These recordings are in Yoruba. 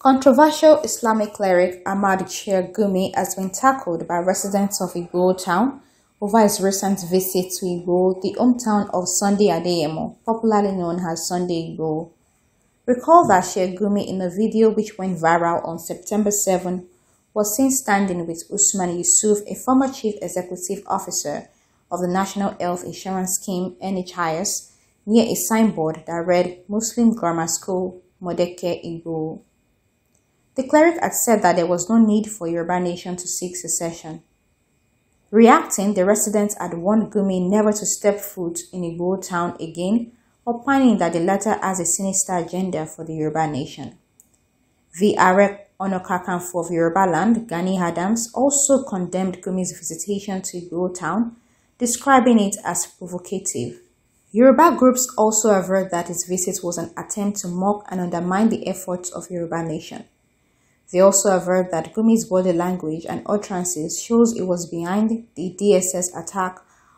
Controversial Islamic cleric Ahmad Shir Gumi has been tackled by residents of Igbo town over his recent visit to Igbo, the hometown of Sunday Adeyemo, popularly known as Sunday Igbo. Recall that Shir Gumi in a video which went viral on September 7 was seen standing with Usman Yusuf, a former chief executive officer of the National Health Insurance Scheme, NHIS, near a signboard that read Muslim Grammar School, Modeke Igbo. The cleric had said that there was no need for Yoruba Nation to seek secession. Reacting, the residents had warned Gumi never to step foot in Igbo town again, opining that the latter has a sinister agenda for the Yoruba Nation. The Arab Onokakanfo of Yoruba land, Gani Adams, also condemned Gumi's visitation to Igbo town, describing it as provocative. Yoruba groups also averred that his visit was an attempt to mock and undermine the efforts of Yoruba nation. They also averred that Gumi's body language and utterances shows he was behind the DSS attack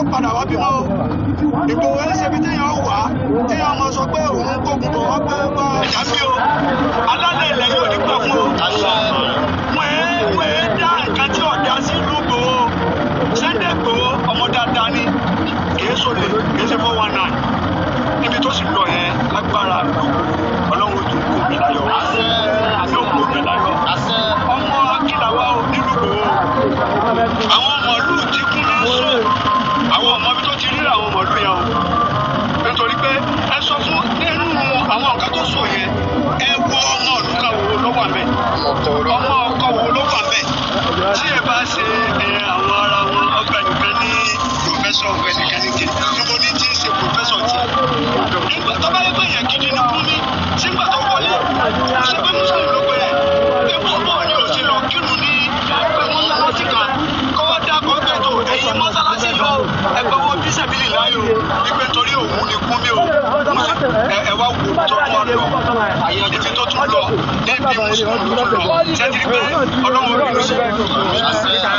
kó padà wá bímọ o Ìgbòho ẹ ṣe bí téèyàn wà téèyàn mọ sọ pé òun kò gbogbo wọn pé wọn jà o alálẹ̀ ilẹ̀ yóò ní gbà fún o. sígbà tó wọlé ṣé pé muslim ló pẹ́ epo bọ̀ ni ò ṣe lọ kírun ní ẹgbẹ́ mọ́sálásí kan kọ́ wá dákọ̀ ẹgbẹ́ tó ẹ̀yìn mọ́sálásí lọ ẹgbẹ́ wọn bí sẹ́bìlì láyò ìgbẹ́ torí òun ni kún mi ò ẹ wá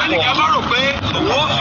ẹnìkan má rò pé òun ò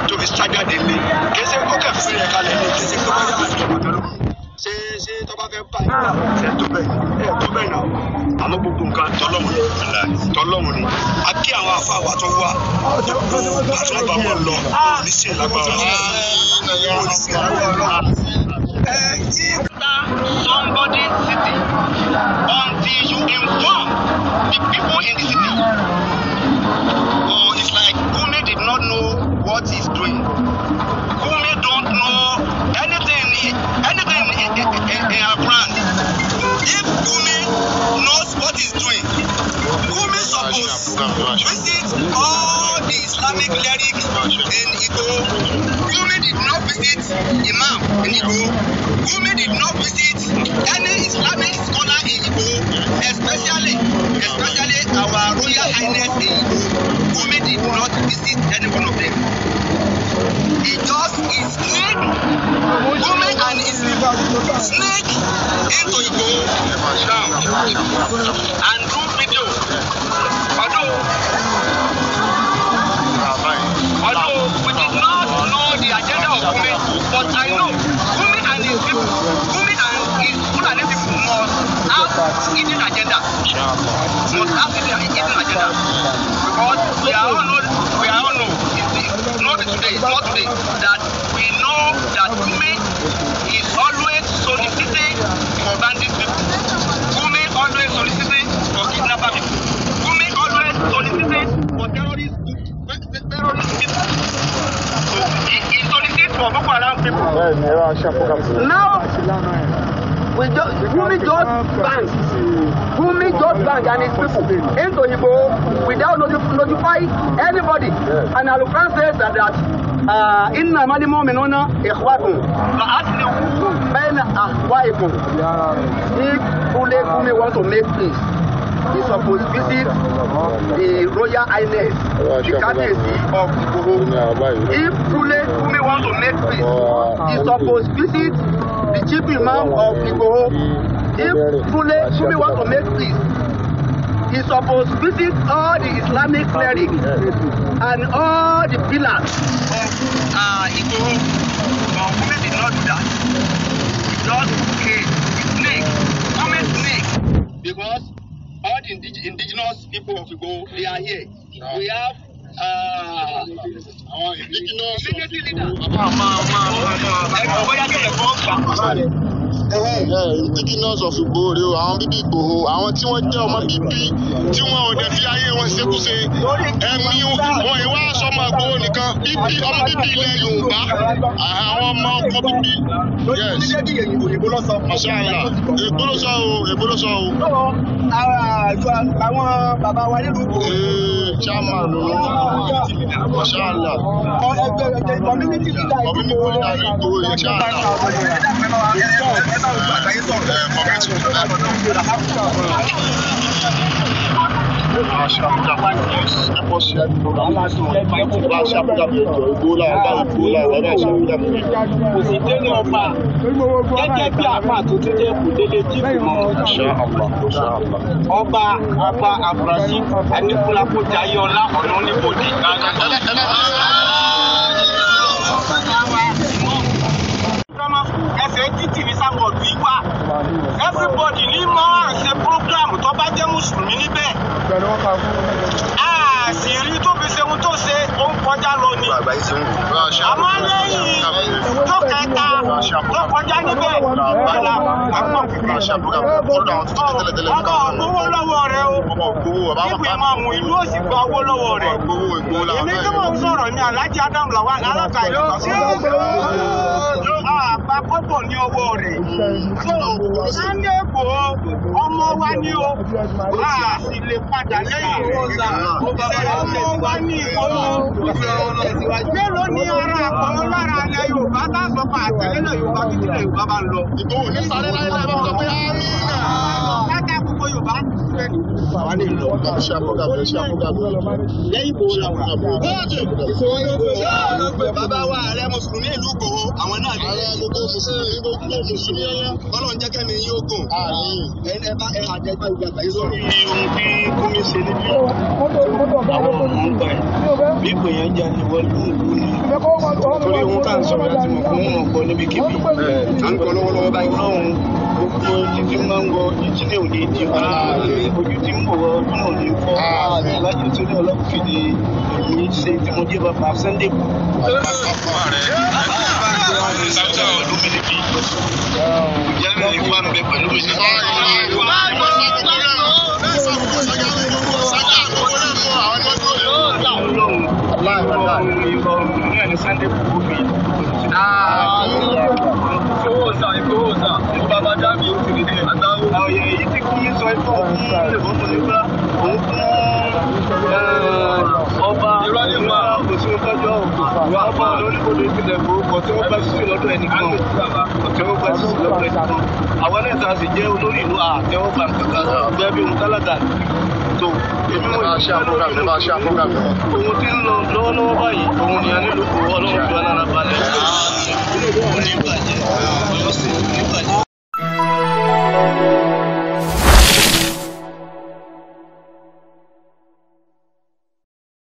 fi ṣájáde lé kì í ṣe kó kẹfì sí ẹ̀ka lẹ́nu kì í ṣe kó báyà àjọpọ̀ kan ṣe ṣe tọ́ba fẹ́ bá ẹ̀ ẹ̀ tó bẹ́ẹ̀ ẹ̀ tó bẹ́ẹ̀ náà àmọ́ gbogbo nǹkan tọ́lọ́hún ni tọ́lọ́hún ni a kí àwọn afa wa tó wá gbogbo àtúnbà mọ̀ lọ oníṣẹ́ lágbára oníṣẹ́ lágbára. ẹ yí ta somebody. Vai ser. Ó. the Islamic cleric in Igbo. Wunmi did not visit Imam in Igbo. Wunmi did not visit any Islamic scholar in Igbo, especially especially our Royal Highness in Igbo. Wunmi did not visit any one of them. He just is snake, Wunmi and his snake into Igbo down and do video. Although Although we did not know the agenda of Wumi, but I know Wumi and his people, Wumi and his Fulani people must have hidden agenda. Must have hidden agenda. Because we are all know, we are all know, not today, not today, that we know that Wumi is always Now, we just Wumi just bang, Wumi just bang and his people into Igbo without notif notify anybody. Yes. And Alukran says that, that uh, inna mali mu'minuna ikhwatun fa aslihu baina ahwaikum. If Ulekumi wants to make peace he suppose visit the royal highness the kábíyèsí of Igboho if Kunle Kumi want to make peace he suppose visit the chief imam of Igboho if Kunle Kumi want to make peace he suppose visit all the Islamic clerics and all the pillars of uh, but we did not do that We just indig- indigenous people of Igbo, they are here. We have uh, àwọn ìgbìmọ̀ indigenous of Ìgbòho o àwọn bíbí Ìgbòho àwọn tí wọ́n jẹ́ ọmọ bíbí tí wọ́n ò dẹ̀ fi ayé wọn ṣekúṣe ẹ̀mí wọn ìwà sọmọ Ìgbòho nìkan bíbí ọmọ bíbí ilẹ̀ Yorùbá àwọn ọmọ ọkọ bíbí yes masala ègbóló sọ o ègbóló sọ o. àwọn bàbá wa nílùú. ee chairman masala ẹgbẹ́ ẹgbẹ́ community leader ìdìbò rẹ̀ ìdìbò rẹ̀ àṣà àbújá news ẹ̀kọ́ sí ẹni tó rà á bá àṣà àbújá mi jọ ìgbóòlà ọba ìgbóòlà ọba ní àṣà àbújá mi. kò sì dé ní ọba gẹ́gẹ́ bí àpá tó ti jẹ́ kò tó kọjá níbẹ̀ bọ́lá àwọn òkúta ṣàbúrà fúnra àwọn tó tẹ̀lé tẹ̀lé nípa. ọmọ ògbówó lọ́wọ́ rẹ o níbi ẹ̀ máa mú ìlú òsì gba owó lọ́wọ́ rẹ. èmi tí mò ń sọ̀rọ̀ ni Alhaji Adam Lawal alága ìlú sí àpapọ̀tò ní ọwọ́ rẹ̀. sọ sáńdé èkó ní o a sì lè padà lẹ́yìn ìṣẹ̀lẹ̀ wa ní ìkọlọ mélòó ni ara àkọlọ lára alẹ́ Yorùbá tá a sọ pé àtẹlẹ́lẹ̀ Yorùbá títí lẹ̀ Yorùbá bá lọ. ìtòwò ní sáré láyé láyé bá wọ́n sọ pé á rí náà. káàkiri gbogbo Yorùbá bàbá wa ààrẹ mùsùlùmí ìlú Ìgbòho àwọn náà ní. ààrẹ gbogbo mùsùlùmí gbogbo mùsùlùmí ẹyẹ. Ọlọ́run jẹ́ kẹ́mi yín ogun. ẹni ẹ bá ẹ àjẹgbá ìgbà àgbà yìí sọ̀rọ̀. ní ohun tí Kúmi ṣe níbí gbogbo títí mango ìjì ní òní ojú tí ń bọ̀ ọdún òní fọ́ láti tó ní ọlọ́pù fìdí èmi ṣe tí mo jẹ́ bàbá Sunday bù. ọkọ rẹ ṣàwùjọ ọdún mi nìbí ìjẹ́rìí ìfọ̀n bẹ pẹ̀lú ìṣẹ́jọ́. dúpẹ́ fún ìrèbọ́mọ̀lẹ́gbà òun fún ọba ìrọ̀lẹ́gbà òṣèlú tọ́jọ́ ọba olóríkodò ìpínlẹ̀ gbòòkọ̀ tí wọ́n bá sísè lọ́dọ̀ ẹnìkan tí wọ́n bá sísè lọ́dọ̀ ẹnìkan àwọn ẹ̀ka sì jẹ́ olórí ìlú àtẹwọ́gbà kankan bẹ́ẹ̀ bí òun tálákà tó èmi wọ̀nyí ohun tí ń lọ lọ́wọ́lọ́wọ́ báyìí òun ni a nílò kó ọlọ́run ju alára balẹ̀ òun ní bàjẹ́ òun ní bàjẹ́.